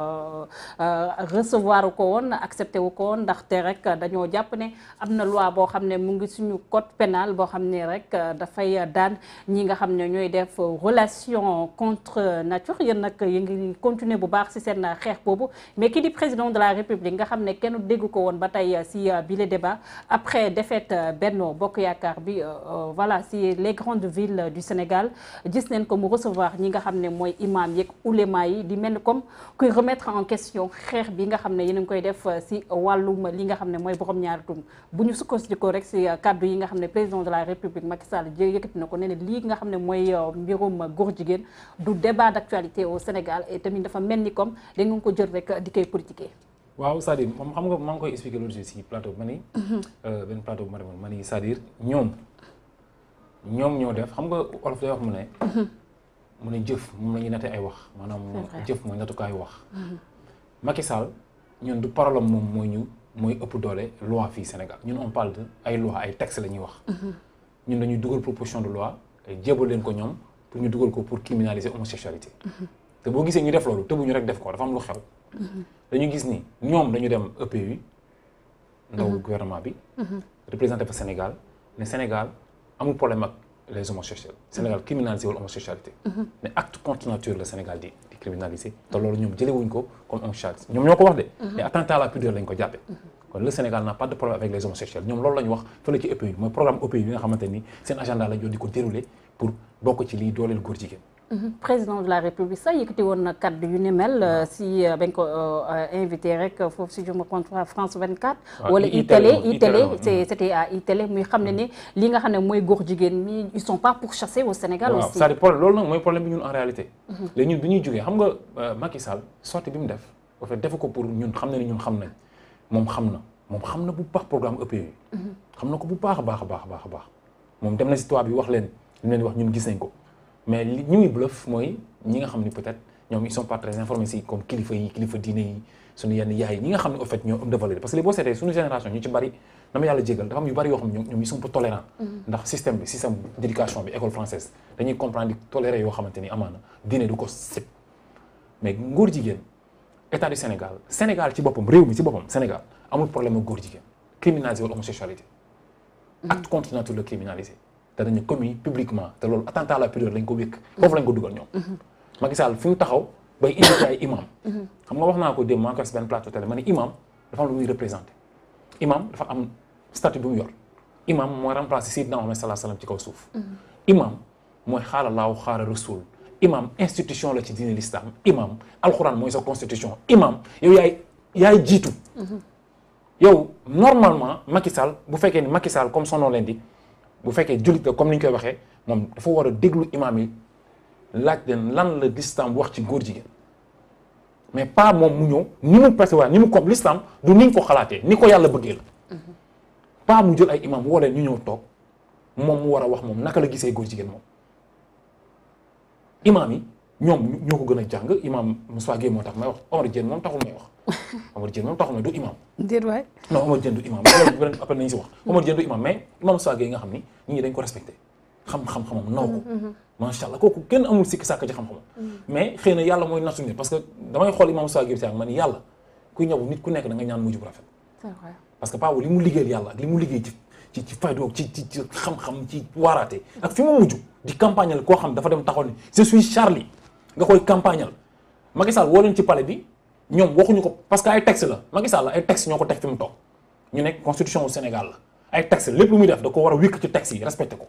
Euh, euh, recevoir ko woon accepté wu ko woon ndaxte rek dañoo jàpp ne am na loi boo xam ne mu ngi suñu code pénal boo xam ne rek euh, dafay daan ñi nga xam ne ñooy def relation contre nature yéen nag yéen ngi continuer bu baax si seen xeex boobu mais ki di président de la république nga xam ne kenn dégg ko woon ba tey si bile débat après défaite Benno Bokk Yaakaar bi voilà si les grandes villes du Sénégal gis neen ko mu recevoir ñi nga xam ne mooy imam yeeg ulema yi di mel comme remettre en question xeex bi nga xam ne yéen a koy def euh, si wàllum li nga xam ne mooy borom ñaari tum bu ñu sukkandikoo rek si euh, kàddu yi nga xam ne président de la république Macky Sall yëkkati na ko nee ne lii nga xam ne mooy euh, mbirum góor jigéen du débat d'actualité au Sénégal et tamit dafa mel ni comme da nga ko jël rek di koy politiquer. waaw c'est-à-dire moom xam nga maa ngi koy expliquer loolu si plateau ma ni. Mhm. benn plateau ma ni cest ñoom ñoom ñoo def xam nga olof day mu ne jëf moom la ñuy nattee ay wax maanaam jëf mooy nattukaayu wax mhm. Macky Sall ñun du parole moom mooy ñu mooy ëpp doole loi fii Sénégal ñun on parle ay loi ay texte la ñuy wax mhm. ñun dañuy dugal proposition de loi jébal leen ko ñoom pour ñu dugal ko pour criminaliser homosexualité mhm. te boo gisee ñu def loolu tëbuñu rek def ko dafa am lu xew dañu gis ni ñoom dañu dem EPU ndaw gouvernement bi représenté fa Sénégal ne Sénégal amul problème ak les homosexuels Sénégal criminalisé wul homosexualité mais acte contre nature la Sénégal di di criminalisé te loolu ñoom jëlee wuñ ko comme homosexualité ñoom ñoo ko wax de mhm. mais attentat à la pudeur lañ ko jàppee mhm. kon le Sénégal n'a pas de problème avec les homosexuels ñoom loolu la ñu wax fële ci EPI mooy programme EPI yi nga xamante ni seen agenda la ñu di ko déroulé pour bokk ci lii dooleel góor jigéen président de la république sax yëkkati woon na kaddu yu ni euh, ah. si euh, bañ ko euh, invité rek foofu si juma contre France 24. Ah, wala itélé itélé c'était à itélé muy xam ne mm. ni li nga xam ne mooy gox jigéen mi ils sont pas pourchassés au Sénégal aussi. waaw c'est-à-dire problème loolu mooy problème bi ñun en réalité. Mm-hmm. léegi ñun bi ñuy jogee xam nga Macky Sall sortie bi mu def en fait defu ko pour ñun xam na ni ñun xam nañ moom xam na moom xam na bu baax programme EPE. E. Mm-hmm. xam na ko bu baax a baax a baax a baax moom dem na si toit bi wax leen li leen wax ñun gis nañ ko. mais li ñi muy bluff mooy ñi nga xam ni peut-être ñoom ils sont pas très informés si comme kilifa yi kilifa diine yi suñu yenn yaay ñi nga xam ne au fait ñoo am de valeur parce que boo seetee suñu génération ñu ci bari na ma yàlla jégal dafa am yu bari yoo xam ne ñoom ils sont pas tolérants mm-hmm. ndax système bi système d'éducation bi école française dañuy comprendre di toléré yoo xamante ni amaana diine du ko sib mais ngóor jigéen état du Sénégal Sénégal ci boppam réew mi ci boppam Sénégal amul problème ak góor jigéen criminaliser wala homosexualité mm-hmm. acte danañu commis publiquement te loolu attentat à la pudeur lañ ko wékk foofu lañ ko dugal ñoom Macky fu ñu taxaw bay invité ay imam xam nga wax naa ko démb maa ngi koy si benn plateau télé ma imam dafa am lu muy représenté imam dafa bu mu yor imam mooy remplacé Seydina Muhammad sallallahu alayhi wasallam ci kaw suuf imam mooy xaala laaw xaala rasul imam institution la ci diine l'islam imam alxuraan mooy sa constitution imam yow yaay yaay jiitu mm-hmm. yow normalement Macky Sall bu fekkee ni Macky comme son nom di bu fekkee jullit la comme ni ñu koy waxee moom dafa war a déglu imaam yi laaj leen lan la lislaam wax ci góor jigéen mais pas moom mu ñëw ni mu percevoir ni mu comme lislaam du ni ñu ko xalaatee ni ko yàlla bëggee la mm-hmm. pas mu jël ay imaam woo leen ñu ñëw toog moom mu war a wax moom naka la gisee góor jigéen moom imaam yi ñoom ñoo ko gën a jàng imam Moussa Gueye moo tax may wax Omar Dieng moom taxul may wax Omar Dieng moom taxul nga xam ni nit ko xam-xam-xamam naw ko mm-hmm, mm-hmm. macha allah kooku kenn amul sikki sàkk ci xam-xamam mm-hmm. mais xëy na yàlla mooy nattu nit parce que damay xool imam Moussa Gueye si ku nekk da nga ñaan mujj bu parce que Pape li mu liggéeyal yàlla ak li mu liggéey ci ci ci ci xam-xam ci waaraate ak fi mu mujj di campagne koo xam dafa dem taxaw ni je suis Charlie nga koy campagnal Macky Sall woo leen ci palais bi ñoom waxuñu ko parce que ay texte la Macky Sall ay texte ñoo ko teg fi mu toog ñu nekk constitution au Sénégal la ay tax lépp lu muy def da ko war a wékk ci texte yi respecté ko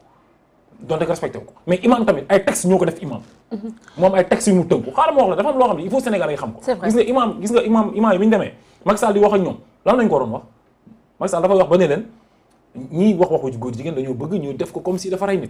donte ko respecté ko mais imam tamit ay texte ñoo ko def imam mm-hmm. moom ay texte yu mu tënku xaaral ma wax la dafa am loo xam ne il faut Sénégal yi xam ko gis nga imam gis nga imam imam yi bi ñu demee Macky di wax ak ñoom lan lañ ko ne leen ñii wax waxu góor bëgg ñu def ko comme dafa rey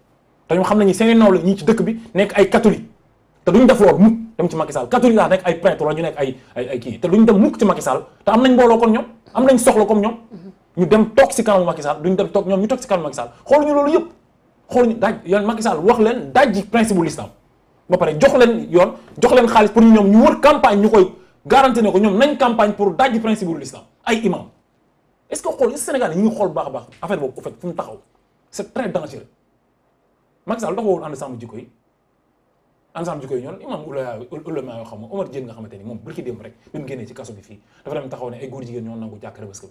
te ñoom xam nañu seeni nawle ñii ci dëkk bi nekk ay catholique te duñ def loolu mukk dem ci Macky catholique laa nekk ay prêtre wala ñu nekk ay ay kii te duñ dem mukk ci Macky te am nañ mbooloo kon ñoom am nañ soxla comme ñoom ñu dem toog si kanamu Macky Sall duñ dem toog ñoom ñu toog loolu yëpp xooluñu daaj yoon Macky wax leen dajji principe bu ba pare jox leen yoon jox leen xaalis pour ñu ñoom ñu wër campagne ñu koy garanti ne ko ñoom nañ campagne pour dajji principe bu l'islam ay imam est-ce que xool Sénégal yi ñu a baax affaire boobu en fait fu mu Macky Sall lu tax woowul ànd sàmm jikko yi ànd jikko yi ñoon imaam ulama ulama yoo xam nga Omar Dieng nga xamante ni moom barki démb rek bi mu génnee ci kaso bi fii dafa dem taxaw ne ay góor jigéen ñoo nangu jàkk Rëbës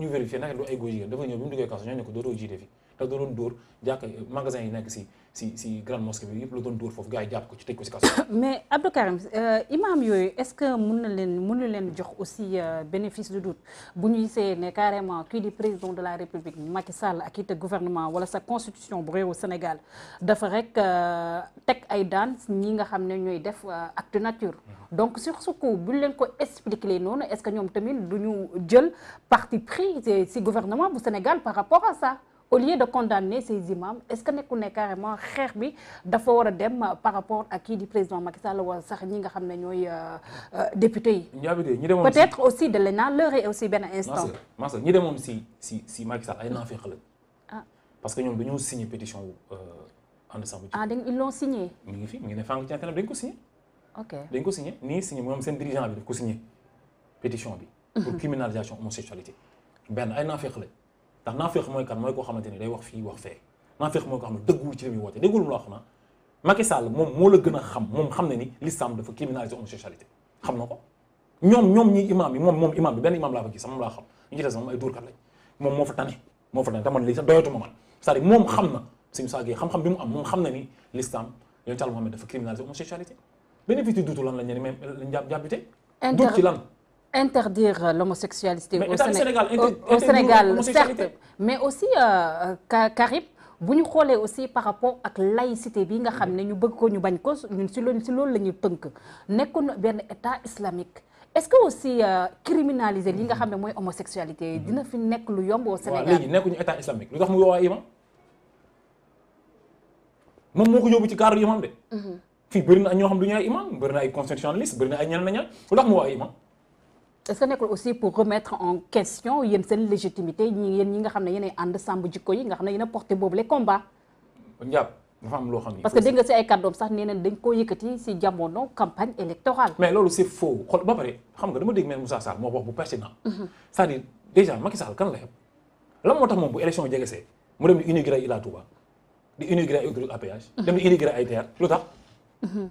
ñu vérifié naka du ay góor jigéen dafa ñëw bi mu duggee kaso ñoo ne ko dootoo jiite fii te doon dóor jàkka magasin yi nekk si si grande mosquée bi yëpp la doon dóor foofu gars yi jàpp ko ci tëj ko si kaso mais Abdou euh, imam yooyu est-ce que mun na leen mun na leen jox aussi euh, bénéfice du doute bu ñu gisee ne carrément kii di président de la république Macky Sall ak it gouvernement wala sa constitution bu réewu Sénégal dafa rek euh, teg ay daan ñi nga xam ne ñooy def acte nature mhm. donc sur ce coup bu ñu leen ko expliquer noonu est-ce que ñoom tamit du ñu jël parti pris si gouvernement bu Sénégal par rapport au lieu de condamner ces imams est-ce que nekku ne carrément xeex bi dafa war a dem par rapport ak kii di président Macky Sall wala sax ñi nga xam ne ñooy euh, euh, député yi. ñi demoon peut-être aussi de l'ENA leur est aussi benn instant. Massa ñi demoon si si si Macky Sall ay naafeq la. ah parce que ñoom dañoo signé pétition wu ànd euh, sàmm. ah dañ ils l'ont signé. mi ngi fi mi ngi ne fànn ci internet dañ ko signé. ok dañ ko signé nii signé moom seen dirigeant bi daf ko signé pétition bi. pour criminalisation homosexualité benn ay naafeq la. ndax naafeq mooy kan mooy koo xamante ne day wax fii wax fee naafeq mooy koo xam ne dëgguwul ci li muy woote déggul mu la wax na Macky moom moo la gën a xam moom xam na ni l'islam dafa criminaliser homosexualité xam na ko ñoom ñoom ñi imam yi moom moom imam bi benn imam laa fa gis moo fa tane doyatuma man cest moom xam na suñu saagee xam-xam bi mu am moom xam na ni l'islam yoon ci Yàlla Muhammad dafa criminaliser homosexualité la ci lan interdire l'homosexualité au, Sénégal, au, Sénégal certes mais aussi euh, Karim bu ñu xoolee aussi par rapport ak laïcité bi nga xam ne ñu bëgg ko ñu bañ ko ñun si loolu si loolu la ñuy tënk nekkoon benn état islamique est-ce que aussi euh, criminaliser li nga xam ne mooy homosexualité dina fi nekk lu yomb au Sénégal léegi nekkuñu état islamique lu mu yow waa imam moom moo ko yóbbu ci cadre imam de mhm. fii bëri na ñoo xam du ñu ay imam bëri na ay constitutionnaliste bëri na ay ñeneen na ñeneen lu tax mu waa imam est-ce que nekkul aussi pour remettre en question yéen seen légitimité ñi yéen nga xam ne yéenay ànd sàmm jikko yi nga xam ne yéen a porté boobu les combats. Ndiab dafa am parce que dégg nga si ay kàddoom sax nee nañ dañ koo yëkkati si jamono campagne électorale. mais loolu c'est faux xool ba pare xam nga dama dégg mel Moussa Sall moo wax bu pertinent. Mhm. c'est-à-dire déjà Macky Sall kan la moo tax moom bu élection jegesee mu dem di inauguré Ila Touba di inauguré mhm. dem di inauguré ay terre lu tax. Mhm.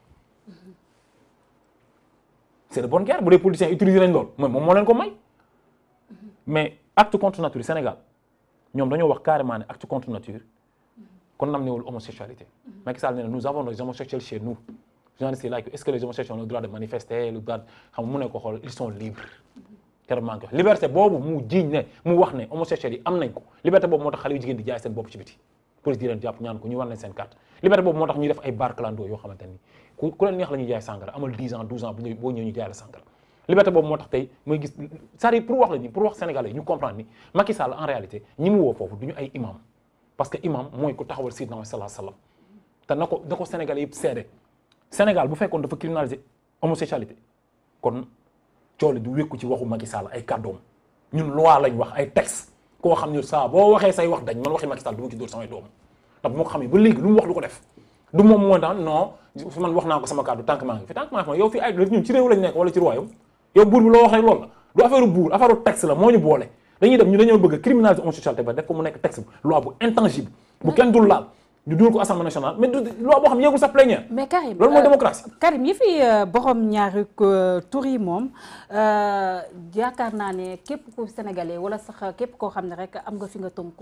c'est de bonne guerre bu dee politiciens utiliser nañ mooy moom moo ko may mais acte contre nature Sénégal ñoom dañoo wax carrément ne acte contre nature condamné wul homosexualité Macky Sall nee na nous avons des homosexuels chez nous journalistes yi laaj ko est-ce que les mu ne ko xool ils sont liberté boobu mu jiiñ ne mu wax ne homosexuels yi am nañ ko liberté boobu moo tax xale jigéen di jaay seen bopp ci biti police di leen jàpp ñaan ko ñu wan leen seen carte liberté boobu moo tax ñuy def ay bar clando yoo xamante ni ku ku neex la jaay sàngara amal 10 ans 12 ans bu ñu jaay la sàngara liberté boobu moo tax tey mooy gis c'est-à-dire pour wax la ni pour wax sénégalais ñu comprendre ni Macky Sall en réalité ñi mu woo foofu du ñu ay imam parce que imam mooy ku taxawal sidna wa salaa sallam te na ko na ko sénégalais yëpp seede sénégal bu fekkoon dafa criminaliser homosexualité kon coole du wékku ci waxu Macky Sall ay kàddoom ñun loi lañ wax ay texte koo xam ne saa boo waxee say wax dañ man waxi Macky Sall du ma ci dóor samay doom te bu ma ko xamee ba léegi lu mu wax du ko def du moom moo daan non man wax naa ko sama kàddu tànk maa fi tànk maa ngi fi yow fii ay ñun ci réew lañ nekk wala ci royaume yow buur bi loo wax rek la du affaire buur affaire texte la moo ñu boole dañuy dem ñu dañoo bëgg criminaliser homosexualité ba def ko mu nekk texte loi bu intangible bu kenn dul laal ñu dul ko assemblée nationale mais du loi boo xam yéegul sax plénière. mais Karim loolu mooy euh, démocratie. Karim yi fi euh, borom ñaari euh, tur yi moom yaakaar naa ne képp ku sénégalais wala sax képp koo xam ne rek am nga fi nga tënku.